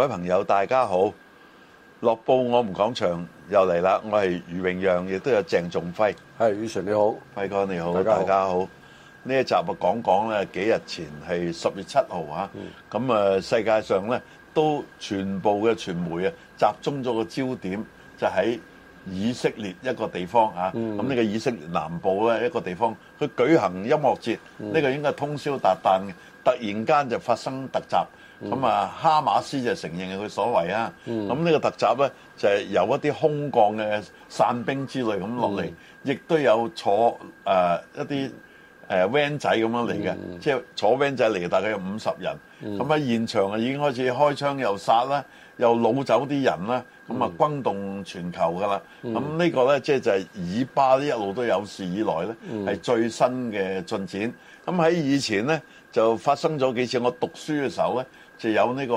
各位朋友，大家好！樂報我唔講場又嚟啦，我係余榮讓，亦都有鄭仲輝。係余 Sir 你好，輝哥你好，大家好。呢一集啊講講咧，幾日前係十月七號，嗯、啊，咁啊世界上咧都全部嘅傳媒啊集中咗個焦點，就喺以色列一個地方啊，咁呢，嗯、個以色列南部咧一個地方，佢舉行音樂節，呢，嗯、個應該係通宵達旦嘅，突然間就發生突襲。咁啊，哈馬斯就承認係佢所為啊！咁呢個突襲咧，就由一啲空降嘅散兵之類咁落嚟，亦都有坐誒一啲誒 van 仔咁樣嚟嘅，即係坐 van 仔嚟，大概有五十人。咁喺現場啊已經開始開槍又殺啦，又擄走啲人啦。咁啊，轟動全球㗎啦！咁呢個咧，即係就係以巴呢一路都有事以來咧，係最新嘅進展。咁喺以前咧，就發生咗幾次。我讀書嘅時候咧，就有呢、這個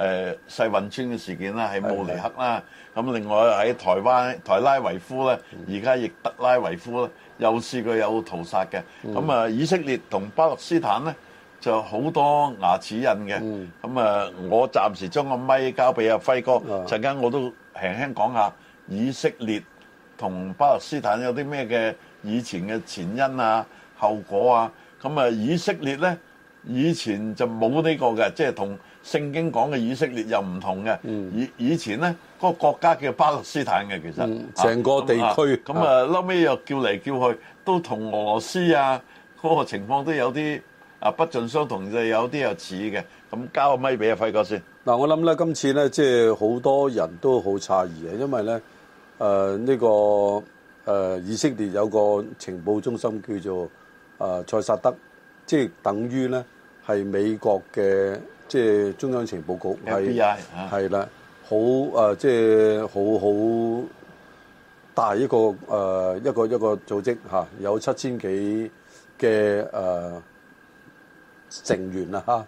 誒世運村嘅事件啦，係慕尼克啦，咁的另外喺台灣台拉維夫咧，而家亦特拉維夫咧，又試過有屠殺嘅，咁、嗯、啊以色列同巴勒斯坦咧就好多牙齒印嘅，咁、嗯、啊我暫時將個咪交俾阿輝哥，陣間、嗯、我都輕輕講下以色列同巴勒斯坦有啲咩嘅以前嘅前因啊、後果啊，咁啊以色列咧。以前就冇呢個嘅，即係同聖經講嘅以色列又唔同嘅。以、嗯、以前咧，個國家叫巴勒斯坦嘅，其實成、嗯啊、個地區咁啊，那啊後尾又叫嚟叫去，都同俄羅斯啊嗰、那個情況都有啲啊不盡相同，就有啲又似嘅。咁交個咪俾阿輝哥先。嗱、嗯，我諗咧，今次咧，即係好多人都好詫異嘅，因為咧，誒、呃、呢、這個誒、呃、以色列有個情報中心叫做誒、呃、塞薩德。即係等於咧，係美國嘅即係中央情報局係，係係啦，好啊、呃，即係好好大一個誒、呃、一個一個組織嚇、啊，有七千幾嘅誒成員啊，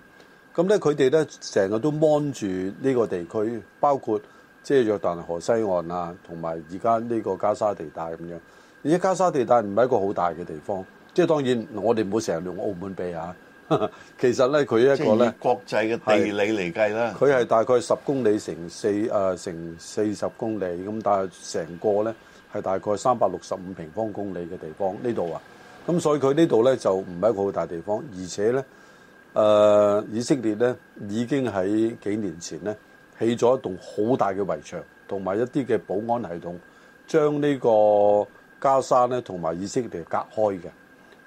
咁咧佢哋咧成日都 mon 住呢個地區，包括即係約旦河西岸啊，同埋而家呢個加沙地帶咁樣。而家加沙地帶唔係一個好大嘅地方。即係當然，我哋唔好成日用澳門幣下、啊、其實咧，佢一個咧，國際嘅地理嚟計咧，佢係大概十公里乘四誒、呃、乘四十公里咁，但係成個咧係大概三百六十五平方公里嘅地方。呢度啊，咁所以佢呢度咧就唔係一個好大地方，而且咧誒、呃、以色列咧已經喺幾年前咧起咗一棟好大嘅圍牆，同埋一啲嘅保安系統，將呢個加沙咧同埋以色列隔開嘅。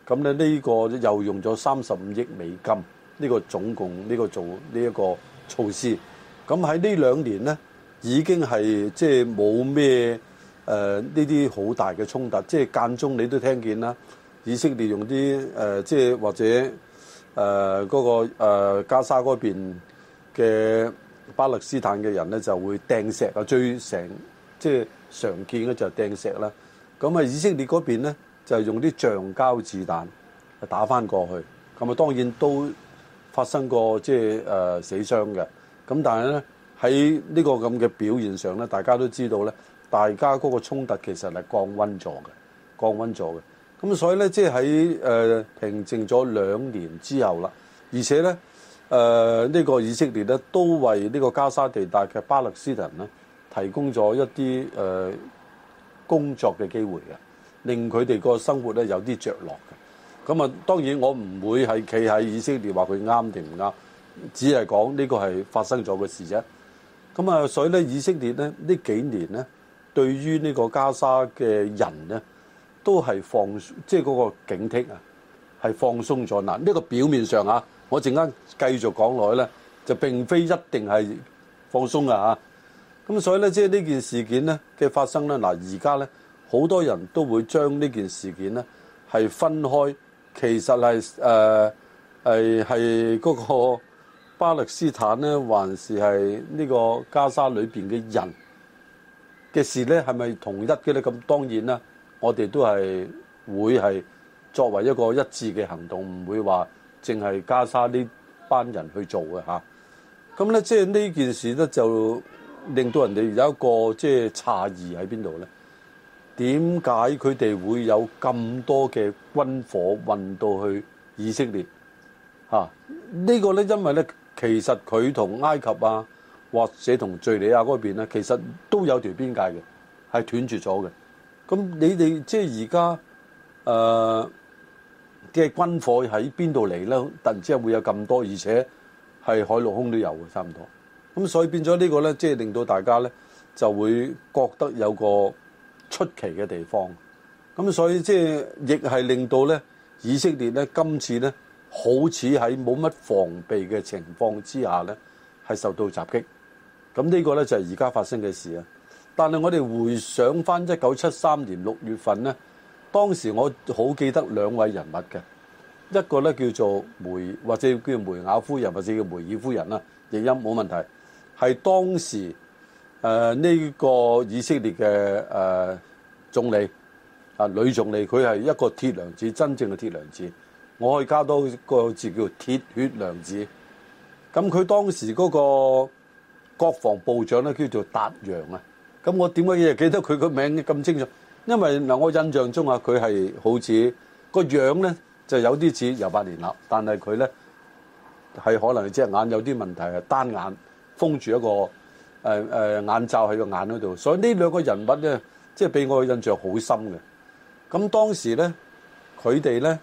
咁咧呢個又用咗三十五億美金，呢個總共呢個做呢一個措施。咁喺呢兩年咧，已經係即係冇咩誒呢啲好大嘅衝突，即係間中你都聽見啦。以色列用啲誒、呃、即係或者誒嗰、呃嗰個、呃、加沙嗰邊嘅巴勒斯坦嘅人咧，就會掟石啊，最常即係常見嘅就係掟石啦。咁啊，以色列嗰邊咧，就係用啲橡膠子彈打返過去，咁啊當然都發生過即係誒死傷嘅。咁但係咧喺呢個咁嘅表現上咧，大家都知道咧，大家嗰個衝突其實係降溫咗嘅，降溫咗嘅。咁所以咧，即係喺誒平靜咗兩年之後啦，而且咧誒呢個以色列咧都為呢個加沙地帶嘅巴勒斯坦咧提供咗一啲誒工作嘅機會嘅。令佢哋個生活咧有啲著落嘅，咁啊當然我唔會係企喺以色列話佢啱定唔啱，只係講呢個係發生咗嘅事啫。咁啊，所以咧以色列咧呢幾年咧，對於呢個加沙嘅人咧，都係放即係嗰個警惕啊，係放鬆咗。嗱呢個表面上啊，我陣間繼續講落去咧，就並非一定係放鬆啊。啊，咁所以咧，即係呢件事件咧嘅發生咧，嗱而家咧。好多人都會將呢件事件呢係分開，其實係誒係係嗰個巴勒斯坦呢，還是係呢個加沙裏邊嘅人嘅事呢？係咪同一嘅呢？咁當然啦，我哋都係會係作為一個一致嘅行動，唔會話淨係加沙呢班人去做嘅嚇。咁、啊、呢，即係呢件事呢，就令到人哋有一個即係詫異喺邊度呢？點解佢哋會有咁多嘅軍火運到去以色列？呢、啊呢個呢，因為呢，其實佢同埃及啊，或者同敍利亞嗰邊呢，其實都有條邊界嘅，係斷絕咗嘅。咁你哋即係而家誒嘅軍火喺邊度嚟呢？突然之間會有咁多，而且係海陸空都有嘅，差唔多。咁所以變咗呢個呢，即係令到大家呢，就會覺得有個出奇嘅地方，咁所以即係亦係令到咧以色列咧今次咧，好似喺冇乜防備嘅情況之下咧，係受到襲擊，咁呢個咧就係而家發生嘅事啊！但係我哋回想翻一九七三年六月份咧，當時我好記得兩位人物嘅，一個咧叫做梅或者叫梅雅夫人或者叫梅爾夫人啦，譯音冇問題，係當時。誒，呢、呃、個以色列嘅誒總理啊，女總理，佢、呃、係一個鐵娘子，真正嘅鐵娘子。我可以加多一個字叫鐵血娘子。咁佢當時嗰個國防部長咧叫做達揚啊。咁、嗯、我點解嘢記得佢個名咁清楚？因為嗱，我印象中啊，佢係好似個樣咧就有啲似尤伯連納，啦，但係佢咧，係可能隻眼有啲問題，單單眼封住一個。誒誒眼罩喺個眼嗰度，所以呢兩個人物咧，即係俾我嘅印象好深嘅。咁當時咧，佢哋咧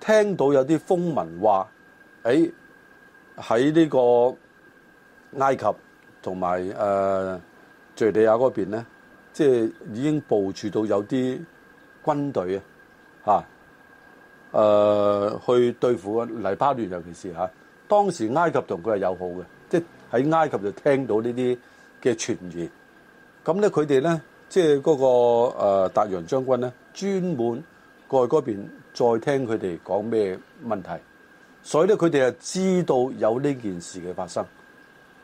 聽到有啲風聞話，誒喺呢個埃及同埋誒敍利亞嗰邊咧，即係已經部署到有啲軍隊啊，嚇，誒去對付黎巴嫩，尤其是嚇、啊。當時埃及同佢係友好嘅，即係喺埃及就聽到呢啲嘅傳言。咁咧，佢哋咧，即係嗰個誒達揚將軍咧，專門過去嗰邊再聽佢哋講咩問題。所以咧，佢哋係知道有呢件事嘅發生，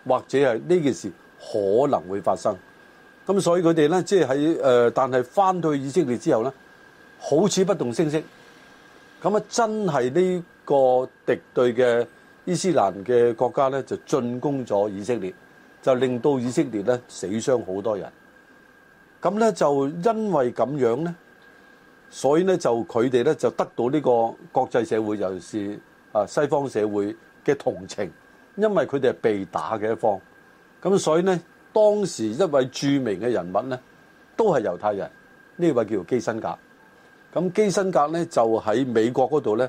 或者係呢件事可能會發生。咁所以佢哋咧，即係喺誒，但係翻到去以色列之後咧，好似不動聲色。咁啊，真係呢個敵對嘅。伊斯蘭嘅國家咧就進攻咗以色列，就令到以色列咧死傷好多人。咁咧就因為咁樣咧，所以咧就佢哋咧就得到呢個國際社會尤其係啊西方社會嘅同情，因為佢哋係被打嘅一方。咁所以咧，當時一位著名嘅人物咧都係猶太人，呢位叫做基辛格。咁基辛格咧就喺美國嗰度咧。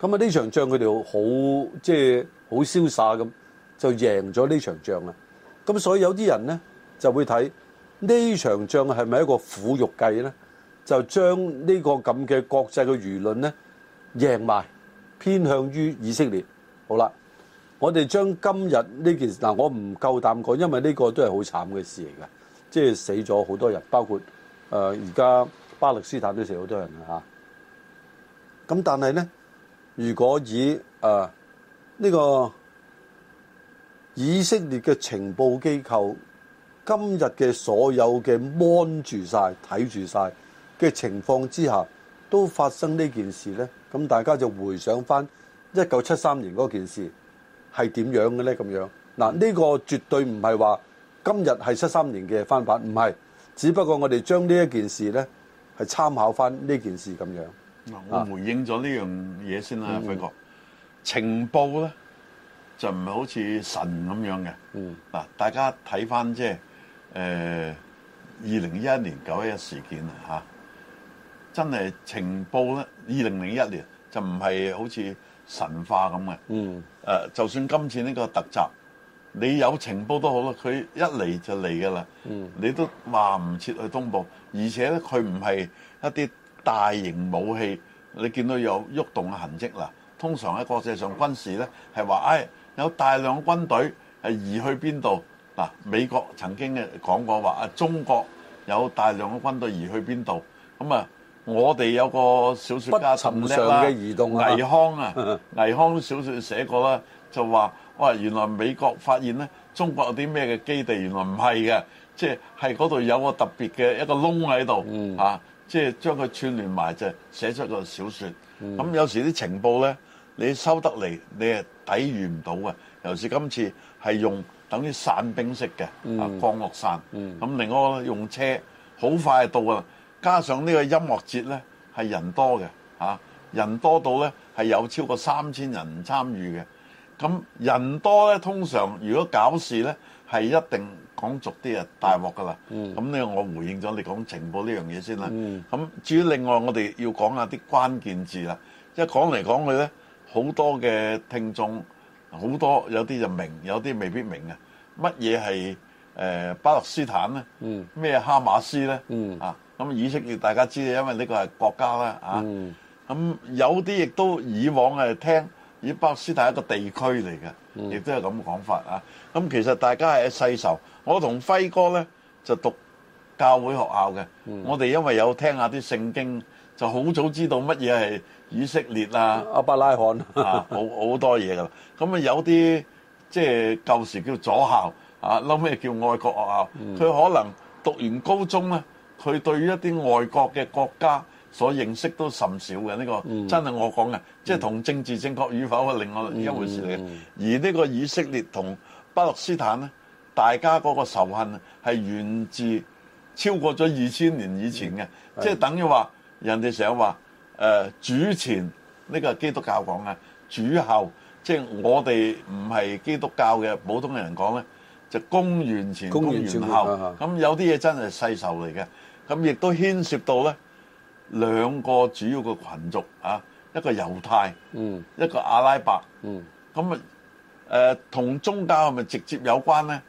咁啊！呢場仗佢哋好即係好瀟灑咁，就贏咗呢場仗啦。咁所以有啲人咧就會睇呢場仗係咪一個苦肉計咧？就將、這個、呢個咁嘅國際嘅輿論咧贏埋偏向於以色列。好啦，我哋將今日呢件事嗱，我唔夠膽講，因為呢個都係好慘嘅事嚟嘅，即、就、係、是、死咗好多人，包括誒而家巴勒斯坦都死好多人吓，咁、啊、但係咧？如果以誒呢、啊呢個以色列嘅情報機構今日嘅所有嘅監住晒睇住晒嘅情況之下，都發生呢件事咧，咁大家就回想翻一九七三年嗰件事係點樣嘅咧？咁樣嗱，呢、呢個絕對唔係話今日係七三年嘅翻版，唔係，只不過我哋將呢一件事咧係參考翻呢件事咁樣。嗱，我回應咗呢樣嘢先啦，輝哥，情報咧就唔係好似神咁樣嘅。嗱，大家睇翻即係誒，二零一一年九一一事件啊吓，真係情報咧，二零零一年就唔係好似神化咁嘅。誒、嗯，就算今次呢個突襲，你有情報都好啦，佢一嚟就嚟噶啦，嗯、你都話唔切去通報，而且咧佢唔係一啲。大型武器，你見到有喐動嘅痕跡啦。通常喺國際上軍事呢，係話：，哎，有大量嘅軍隊係移去邊度？嗱、啊，美國曾經嘅講過話：，啊，中國有大量嘅軍隊移去邊度？咁啊，我哋有個小説家陳聶啦，倪匡啊，倪匡、啊啊、倪匡小説寫過啦，就話：，哇、啊，原來美國發現呢，中國有啲咩嘅基地，原來唔係嘅，即係嗰度有個特別嘅一個窿喺度啊。即係將佢串聯埋，就寫出一個小說。咁有時啲情報呢，你收得嚟，你係抵禦唔到嘅。尤其是今次係用等於散兵式嘅啊，降、嗯、落傘。咁另外，用車，好快就到啊！嗯、加上呢個音樂節呢，係人多嘅、啊，人多到呢，係有超過三千人參與嘅。咁人多呢，通常如果搞事呢。係一定講俗啲啊，大鑊㗎啦。咁咧、嗯，我回應咗你講情報呢樣嘢先啦。咁、嗯、至於另外，我哋要講下啲關鍵字啦。一、即係、講嚟講去咧，好多嘅聽眾，好多有啲就明，有啲未必明啊。乜嘢係誒巴勒斯坦咧？咩、嗯、哈馬斯咧？嗯、啊，咁以色列大家知道，因為呢個係國家啦。啊，咁、嗯啊、有啲亦都以往係聽。以巴斯大一個地區嚟嘅，亦、嗯、都係咁講法啊！咁其實大家係一世仇。我同輝哥咧就讀教會學校嘅，嗯、我哋因為有聽下啲聖經，就好早知道乜嘢係以色列啊、阿伯拉罕啊，好好多嘢噶。咁啊有啲即係舊時叫左校啊，諗咩叫外國學校？佢、嗯、可能讀完高中咧，佢對於一啲外國嘅國家。所認識都甚少嘅呢、呢個真係嘅，真係我講嘅，即係同政治正確與否係另外一回事嚟嘅。嗯嗯嗯、而呢個以色列同巴勒斯坦呢，大家嗰個仇恨係源自超過咗二千年以前嘅，即係、嗯、等於話的人哋成日話誒主前呢、呢個基督教講嘅，主後即係、即係、我哋唔係基督教嘅普通嘅人講呢，就公元前，公元後咁、啊啊、有啲嘢真係世仇嚟嘅，咁亦都牽涉到呢。兩個主要嘅群族啊，一個猶太，嗯、一個阿拉伯，咁啊、嗯，誒同、呃、宗教係咪直接有關呢？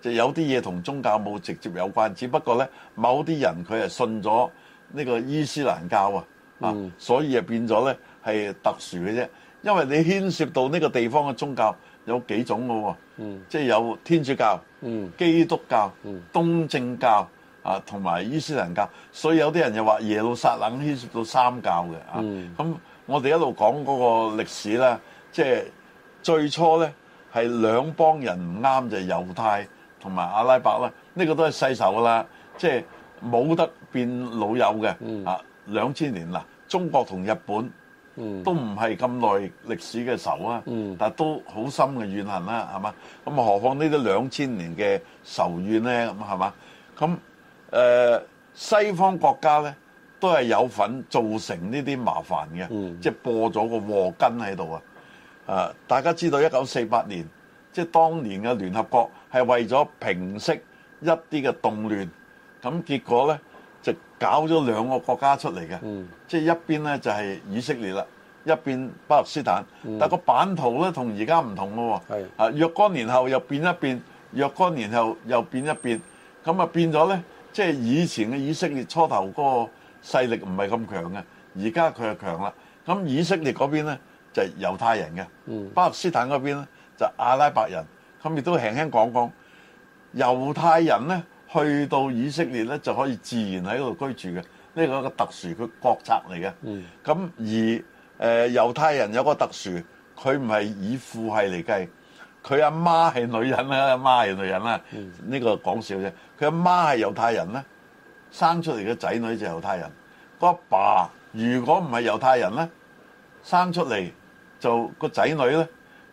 就有啲嘢同宗教冇直接有關，只不過呢，某啲人佢係信咗呢個伊斯蘭教啊，啊嗯、所以啊變咗呢係特殊嘅啫，因為你牽涉到呢個地方嘅宗教有幾種嘅、啊嗯、即係有天主教、嗯、基督教、嗯嗯、東正教。啊，同埋伊斯蘭教，所以有啲人又話耶路撒冷牽涉到三教嘅啊。咁、嗯、我哋一路講嗰個歷史啦，即係最初咧係兩幫人唔啱就係、是、猶太同埋阿拉伯啦。呢、這個都係世仇啦，即係冇得變老友嘅、嗯、啊。兩千年啦，中國同日本都唔係咁耐歷史嘅仇啊，嗯、但都好深嘅怨恨啦，係嘛？咁啊，何況呢啲兩千年嘅仇怨咧，咁係嘛？咁誒、呃，西方國家咧都係有份造成呢啲麻煩嘅，嗯、即係播咗個禍根喺度啊！啊、呃，大家知道一九四八年，即係當年嘅聯合國係為咗平息一啲嘅動亂，咁結果呢，就搞咗兩個國家出嚟嘅，嗯、即係一邊呢，就係、是、以色列啦，一邊巴勒斯坦。嗯、但個版圖呢，同而家唔同嘅喎，若干年後又變一變，若干年後又變一變，咁啊變咗呢。即係以前嘅以色列初頭嗰個勢力唔係咁強嘅，而家佢就強啦。咁以色列嗰邊咧就係、是、猶太人嘅，嗯、巴勒斯坦嗰邊咧就是、阿拉伯人。咁亦都輕輕講講，猶太人呢，去到以色列呢，就可以自然喺度居住嘅，呢個係個特殊嘅國策嚟嘅。咁而誒猶太人有個特殊，佢唔係以父系嚟計。佢阿媽係女人啦，阿媽係女人啦，呢個講笑啫。佢阿媽係猶太人咧，生出嚟嘅仔女就猶太人。個阿爸如果唔係猶太人咧，生出嚟就個仔女咧，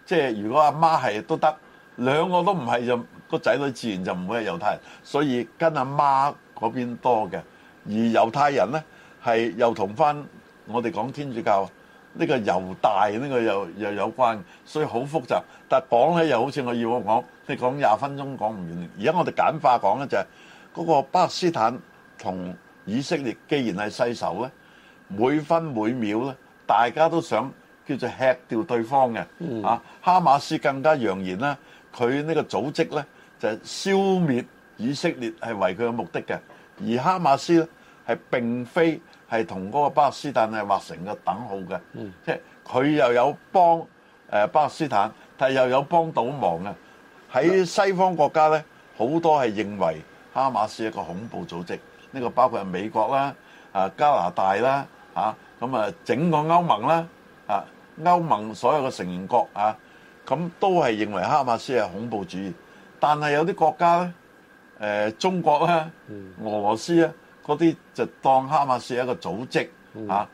即係如果阿媽係都得，兩個都唔係就個仔女自然就唔會係猶太人。所以跟阿媽嗰邊多嘅，而猶太人咧係又同翻我哋講天主教。呢個猶大呢、這個又又有關，所以好複雜。但係講起又好似我要我講，你講廿分鐘講唔完。而家我哋簡化講咧就係、是、嗰、那個巴勒斯坦同以色列既然係世仇咧，每分每秒咧大家都想叫做吃掉對方嘅。啊，嗯、哈馬斯更加揚言咧，佢呢個組織咧就係消滅以色列係為佢嘅目的嘅，而哈馬斯咧係並非。係同嗰個巴勒斯坦係劃成個等號嘅，即係佢又有幫誒巴勒斯坦，但係又有幫到忙嘅。喺西方國家咧，好多係認為哈馬斯係一個恐怖組織，呢個包括係美國啦、啊加拿大啦嚇，咁啊整個歐盟啦啊，歐盟所有嘅成員國啊，咁都係認為哈馬斯係恐怖主義。但係有啲國家咧，誒中國啦、俄羅斯啊。嗰啲就當哈馬斯一個組織嚇，咁呢、嗯啊、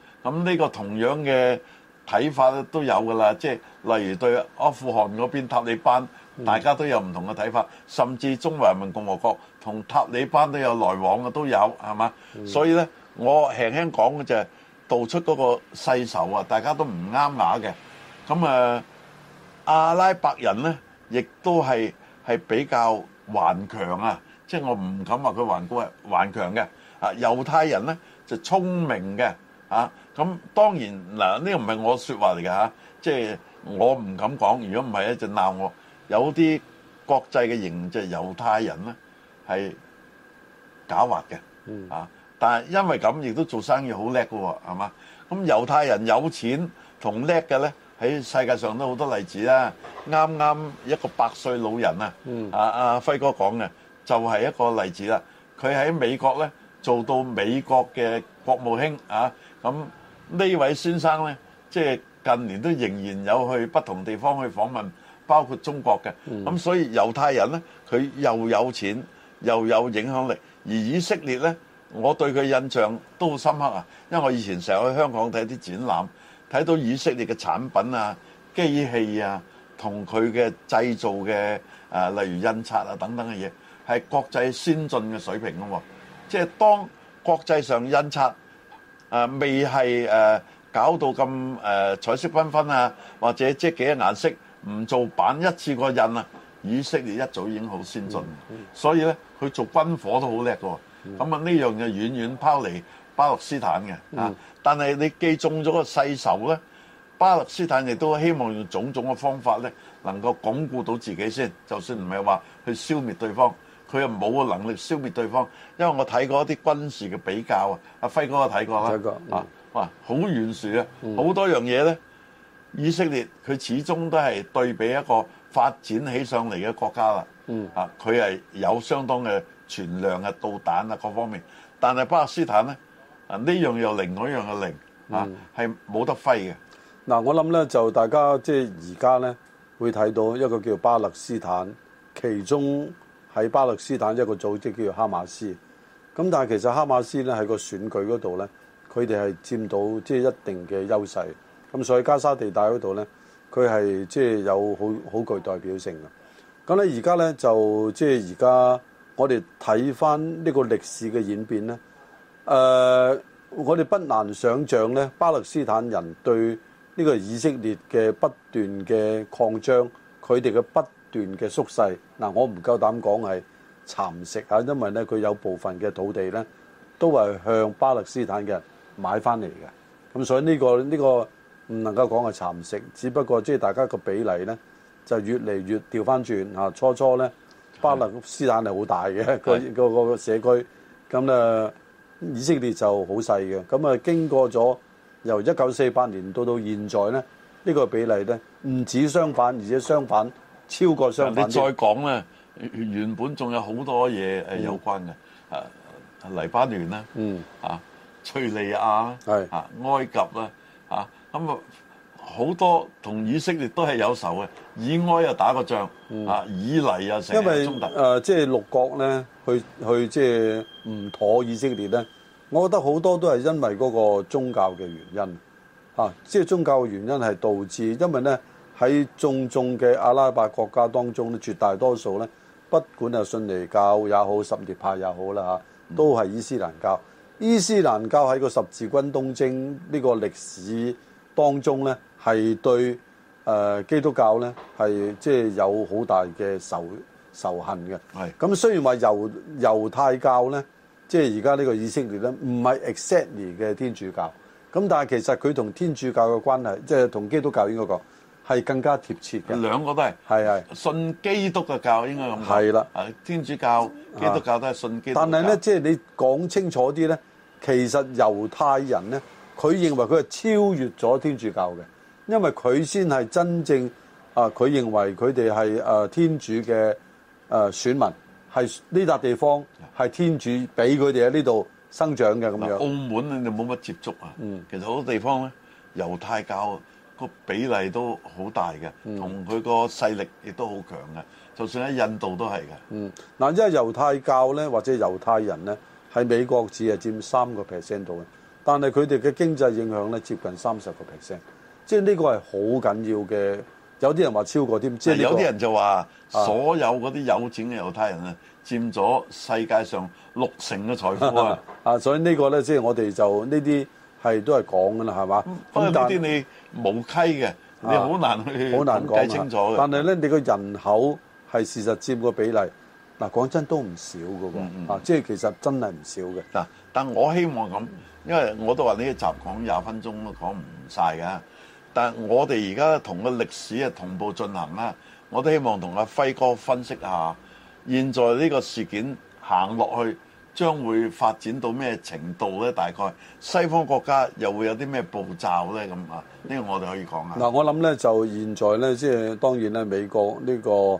個同樣嘅睇法咧都有噶啦，即、就、係、是、例如對阿富汗嗰邊塔利班，大家都有唔同嘅睇法，嗯、甚至中華人民共和國同塔利班都有來往嘅都有，係嘛？嗯、所以咧，我輕輕講嘅就係、道出嗰個世仇啊，大家都唔啱牙嘅。咁啊、呃，阿拉伯人咧，亦都係係比較頑強啊，即、就、係、是、我唔敢話佢頑固，係頑強嘅。啊，猶太人咧就聰明嘅，啊咁當然嗱呢、啊呢個唔係我說話嚟㗎，即、啊、係、就是、我唔敢講，如果唔係咧就鬧我。有啲國際嘅形勢，猶太人咧係狡猾嘅，啊！但係因為咁，亦都做生意好叻㗎喎，係嘛？咁猶太人有錢同叻嘅咧，喺世界上都好多例子啦。啱、啊、啱一個百歲老人啊，啊輝哥講嘅就係、是、一個例子啦。佢喺美國咧。做到美國嘅國務卿啊！咁呢位先生咧，即係近年都仍然有去不同地方去訪問，包括中國嘅。咁所以猶太人咧，佢又有錢又有影響力。而以色列咧，我對佢印象都好深刻啊，因為我以前成日去香港睇啲展覽，睇到以色列嘅產品啊、機器啊，同佢嘅製造嘅啊，例如印刷啊等等嘅嘢，係國際先進嘅水平啊。即係當國際上印刷啊、呃、未係誒、呃、搞到咁誒、呃、彩色繽紛，紛啊，或者即係幾隻顏色唔做版一次過印啊，以色列一早已經好先進，嗯嗯、所以咧佢做軍火都好叻㗎喎。咁啊呢樣嘢遠遠拋離巴勒斯坦嘅、嗯、啊，但係你既中咗個世仇咧，巴勒斯坦亦都希望用種種嘅方法咧，能夠鞏固到自己先，就算唔係話去消滅對方。佢又冇個能力消滅對方，因為我睇過一啲軍事嘅比較啊。阿輝哥有睇過啦，啊哇，好懸殊啊，好多樣嘢咧。以色列佢始終都係對比一個發展起上嚟嘅國家啦，啊，佢係有相當嘅存量嘅導彈啊各方面，但係巴勒斯坦咧啊，呢樣又零，嗰樣又零，啊係冇得揮嘅。嗱，我諗咧就大家即係而家咧會睇到一個叫巴勒斯坦，其中。喺巴勒斯坦一個組織叫做哈馬斯，咁但係其實哈馬斯咧喺個選舉嗰度咧，佢哋係佔到即係一定嘅優勢，咁所以加沙地帶嗰度咧，佢係即係有好好具代表性嘅。咁咧而家咧就即係而家我哋睇翻呢個歷史嘅演變咧，誒，我哋不難想象咧巴勒斯坦人對呢個以色列嘅不斷嘅擴張，佢哋嘅不段嘅縮細嗱，我唔夠膽講係蠶食嚇，因為咧佢有部分嘅土地咧都係向巴勒斯坦嘅人買翻嚟嘅。咁所以呢、呢個呢、呢個唔能夠講係蠶食，只不過即係大家個比例呢就越嚟越調翻轉嚇。初初呢，巴勒斯坦係好大嘅個個個社區，咁啊以色列就好細嘅。咁啊經過咗由一九四八年到到現在呢，呢、呢個比例呢唔止相反，而且相反。超過雙。你再講咧，原本仲有好多嘢誒有關嘅，啊黎巴嫩咧，嗯啊敘利亞咧，啊埃及咧，啊咁啊好多同以色列都係有仇嘅，以埃又打過仗，嗯、啊以黎又成日衝突。因為誒即係六國咧，去去即係唔妥以色列咧，我覺得好多都係因為嗰個宗教嘅原因，嚇即係宗教嘅原因係導致，因為咧。喺重重嘅阿拉伯國家當中，咧絕大多數咧，不管係遜尼教也好，什葉派也好啦，吓都係伊斯蘭教。伊斯蘭教喺個十字軍東征呢個歷史當中咧，係對誒、呃、基督教咧係即係有好大嘅仇仇恨嘅。係咁，雖然話猶猶太教咧，即係而家呢個以色列咧，唔係 exactly 嘅天主教咁，但係其實佢同天主教嘅關係，即係同基督教應該講。係更加貼切嘅，兩個都係，係係是是 信基督嘅教應該咁講，係啦，誒天主教、基督教都係信基督嘅教。但係咧，即係你講清楚啲咧，其實猶太人咧，佢認為佢係超越咗天主教嘅，因為佢先係真正啊，佢認為佢哋係誒天主嘅誒選民，係呢笪地方係天主俾佢哋喺呢度生長嘅咁樣。澳門你冇乜接觸啊，嗯、其實好多地方咧，猶太教。個比例都好大嘅，同佢個勢力亦都好強嘅。就算喺印度都係嘅。嗯，嗱，因為猶太教咧，或者猶太人咧，喺美國只係佔三個 percent 度嘅，但係佢哋嘅經濟影響咧接近三十個 percent，即係呢個係好緊要嘅。有啲人話超過添，即係、呢個、有啲人就話，所有嗰啲有錢嘅猶太人啊，佔咗世界上六成嘅財富啊！啊， 所以呢個咧，即係我哋就呢啲。係都係講噶啦，係嘛？咁呢啲你冇稽嘅，你好難去講清楚。但係咧，你個人口係事實佔個比例。嗱，講真都唔少嘅喎，啊，即係其實真係唔少嘅。嗱、嗯嗯嗯啊，但我希望咁，因為我都話呢集講廿分鐘都講唔晒嘅。但係我哋而家同個歷史啊同步進行啦，我都希望同阿輝哥分析下現在呢個事件行落去。將會發展到咩程度咧？大概西方國家又會有啲咩步驟咧？咁啊，呢個我哋可以講下。嗱，我諗咧就現在咧，即係當然咧，美國呢個誒誒、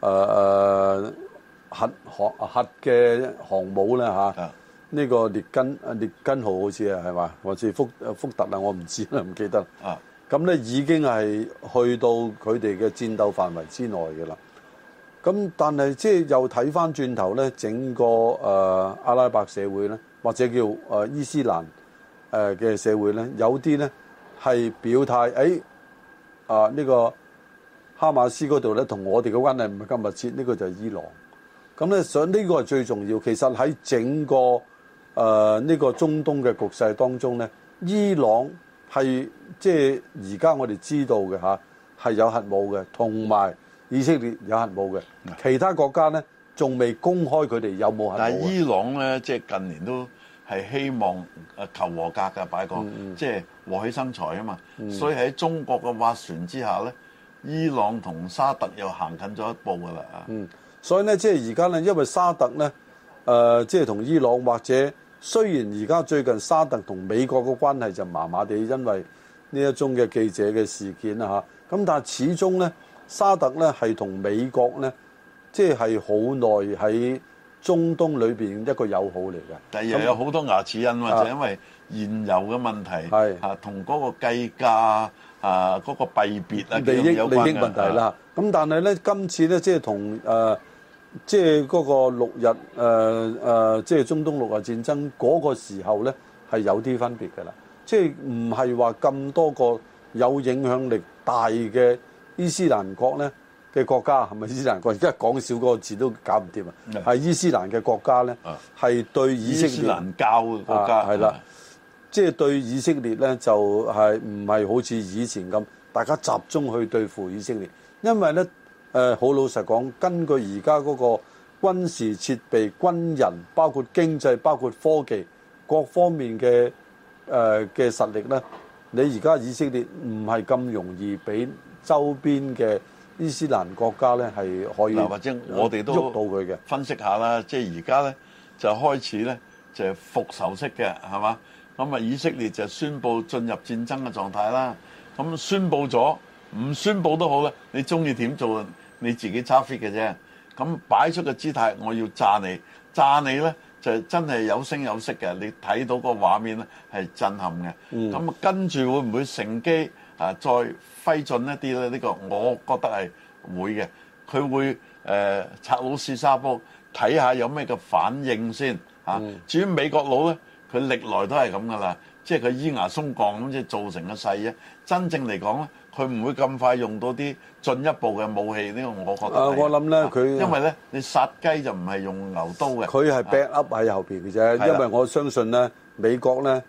呃、核航核嘅航母咧嚇，呢個列根列根號好似啊係嘛，或是福福特啊？我唔知啦，唔記得。啊，咁咧已經係去到佢哋嘅戰鬥範圍之內嘅啦。咁但係即係又睇翻轉頭咧，整個誒阿拉伯社會咧，或者叫誒伊斯蘭誒嘅社會咧，有啲咧係表態，誒、哎、啊呢、呢個哈馬斯嗰度咧，同我哋嘅關係唔係咁密切，呢、呢個就係伊朗。咁咧，想呢個係最重要。其實喺整個誒呢、呃呢個中東嘅局勢當中咧，伊朗係即係而家我哋知道嘅嚇係有核武嘅，同埋。以色列有核武嘅，其他國家呢，仲未公開佢哋有冇核武。但係伊朗呢，即係近年都係希望求和格嘅，擺個即係和氣生財啊嘛。所以喺中國嘅斡旋之下呢，伊朗同沙特又行近咗一步啦。嗯，所以呢，即係而家呢，因為沙特呢，即係同伊朗或者雖然而家最近沙特同美國嘅關係就麻麻地，因為呢一宗嘅記者嘅事件啦嚇。咁、啊、但係始終呢。沙特咧係同美國咧，即係係好耐喺中東裏面一個友好嚟嘅。但又有好多牙齒印，或者那因為現有嘅問題，嚇同嗰個計價、呃那個、是啊、嗰個幣別利益有利益問題啦。咁但係咧，今次咧即係同即係嗰個六日即係、呃呃就是、中東六日戰爭嗰個時候咧係有啲分別㗎啦。即係唔係話咁多個有影響力大嘅。伊斯蘭國呢嘅國家係咪伊斯蘭國？即係講少嗰個字都搞唔掂啊！係的伊斯蘭嘅國家呢，係對以色列、啊、伊斯蘭教嘅國家係啦，即係、啊、的對以色列呢，就係唔係好似以前咁，大家集中去對付以色列，因為呢，誒、呃、好老實講，根據而家嗰個軍事設備、軍人、包括經濟、包括科技各方面嘅誒嘅實力呢。你而家以色列唔係咁容易俾周邊嘅伊斯蘭國家咧，係可以或者我哋都到佢嘅分析下啦，即係而家咧就開始咧就係復仇式嘅係嘛，咁啊，以色列就宣佈進入戰爭嘅狀態啦，咁宣佈咗唔宣佈都好嘅，你中意點做你自己揸 fit 嘅啫，咁擺出個姿態，我要炸你，炸你咧。就真係有聲有色嘅，你睇到個畫面咧係震撼嘅。咁啊、嗯、跟住會唔會乘機啊再揮進一啲咧？呢、呢個我覺得係會嘅。佢會誒、呃、拆老斯沙煲，睇下有咩嘅反應先、啊嗯、至於美國佬咧，佢歷來都係咁噶啦，即係佢依牙松降咁，即係造成嘅勢咧。真正嚟講咧。佢唔會咁快用到啲進一步嘅武器呢個，我覺得。啊，我諗咧，佢因為咧，你殺雞就唔係用牛刀嘅。佢係 back up 喺後面嘅啫，的因為我相信咧，美國咧，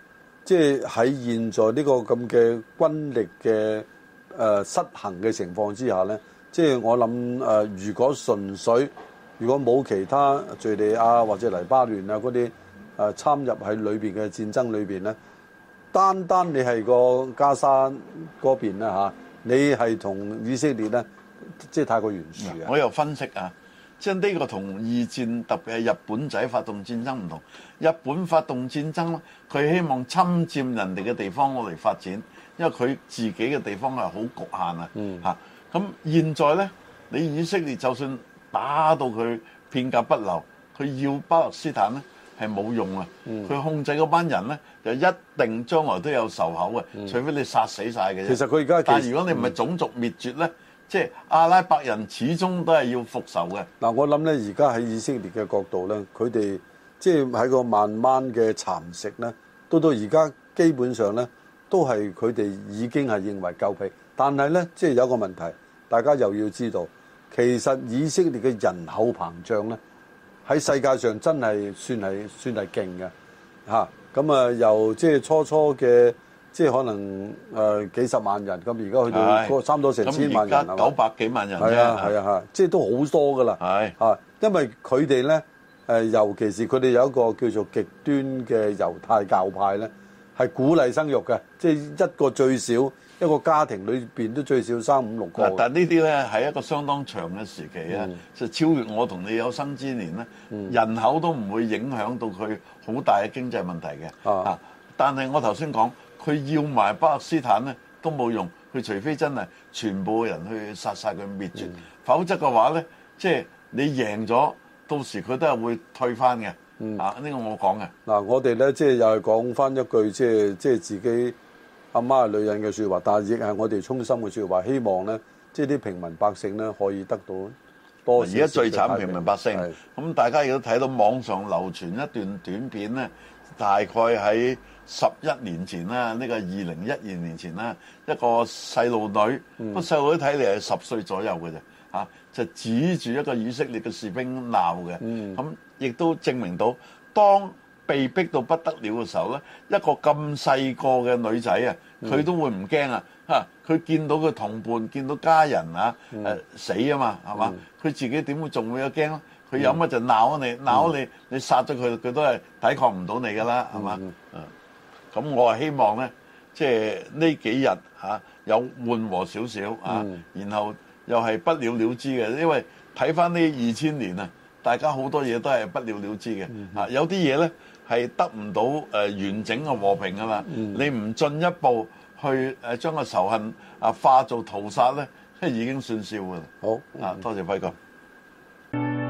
即係喺現在呢個咁嘅軍力嘅誒、呃、失衡嘅情況之下咧，即係我諗誒、呃，如果純粹，如果冇其他敍利亞或者黎巴嫩啊嗰啲誒參入喺裏面嘅戰爭裏面咧。單單你係個加沙嗰邊啦嚇，你係同以色列咧，即係太過原始。我又分析啊，即係呢個同二戰，特別係日本仔發動戰爭唔同。日本發動戰爭，佢希望侵佔人哋嘅地方，我嚟發展，因為佢自己嘅地方係好局限啊。嚇、嗯，咁、啊、現在呢，你以色列就算打到佢片甲不留，佢要巴勒斯坦呢。係冇用啊！佢控制嗰班人呢，就一定將來都有仇口嘅，嗯、除非你殺死晒嘅。其實佢而家，但如果你唔係種族滅絕呢，嗯、即係阿拉伯人始終都係要復仇嘅。嗱，我諗呢，而家喺以色列嘅角度呢，佢哋即係喺個慢慢嘅蠶食呢，到到而家基本上呢，都係佢哋已經係認為夠皮。但係呢，即係有個問題，大家又要知道，其實以色列嘅人口膨脹呢。喺世界上真係算係算係勁嘅。嚇咁啊，由即係初初嘅，即係可能誒、呃、幾十萬人，咁而家去到差唔多成千萬人，九百幾萬人啫，係啊，係啊，即係都好多㗎啦是、啊。因為佢哋咧，尤其是佢哋有一個叫做極端嘅猶太教派咧，係鼓勵生育嘅，即係一個最少一個家庭裏面都最少三五六個。但呢啲呢，係一個相當長嘅時期、嗯、就超越我同你有生之年、嗯、人口都唔會影響到佢好大嘅經濟問題嘅。啊，但係我頭先講，佢要埋巴勒斯坦呢，都冇用，佢除非真係全部人去殺曬佢滅絕，嗯、否則嘅話呢，即、就、係、是、你贏咗，到時佢都係會退翻嘅。嗯，啊呢、這個我講嘅。嗱、啊，我哋咧即係又係講返一句，即係即係自己阿媽係女人嘅說話，但係亦係我哋衷心嘅說話，希望咧即係啲平民百姓咧可以得到多少少少。而家最慘平民百姓，咁的大家亦都睇到網上流傳一段短片咧，大概喺十一年前啦，呢、那個二零一二年前啦，一個細路女，個細路女睇嚟係十歲左右嘅啫，吓、啊。就指住一個以色列嘅士兵鬧嘅，咁亦、嗯、都證明到，當被逼到不得了嘅時候呢一個咁細個嘅女仔、嗯、啊，佢都會唔驚啊！嚇，佢見到佢同伴、見到家人啊，嗯、死啊嘛，係嘛？佢、嗯、自己點會仲會有驚？佢有乜就鬧你，鬧、嗯、你，嗯、你殺咗佢，佢都係抵抗唔到你㗎啦，係嘛？咁、嗯啊、我係希望呢，即係呢幾日、啊、有緩和少少、嗯、啊，然後。又係不了了之嘅，因為睇翻呢二千年啊，大家好多嘢都係不了了之嘅。啊，有啲嘢呢，係得唔到誒完整嘅和平噶嘛？你唔進一步去誒將個仇恨啊化做屠殺呢，即係已經算少噶啦。好，啊多謝輝哥。